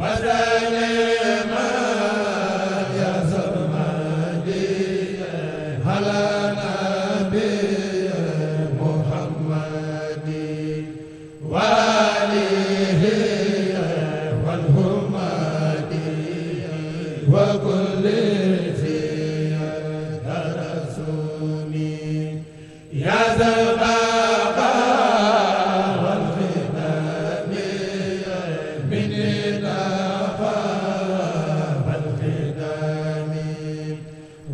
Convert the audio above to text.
wa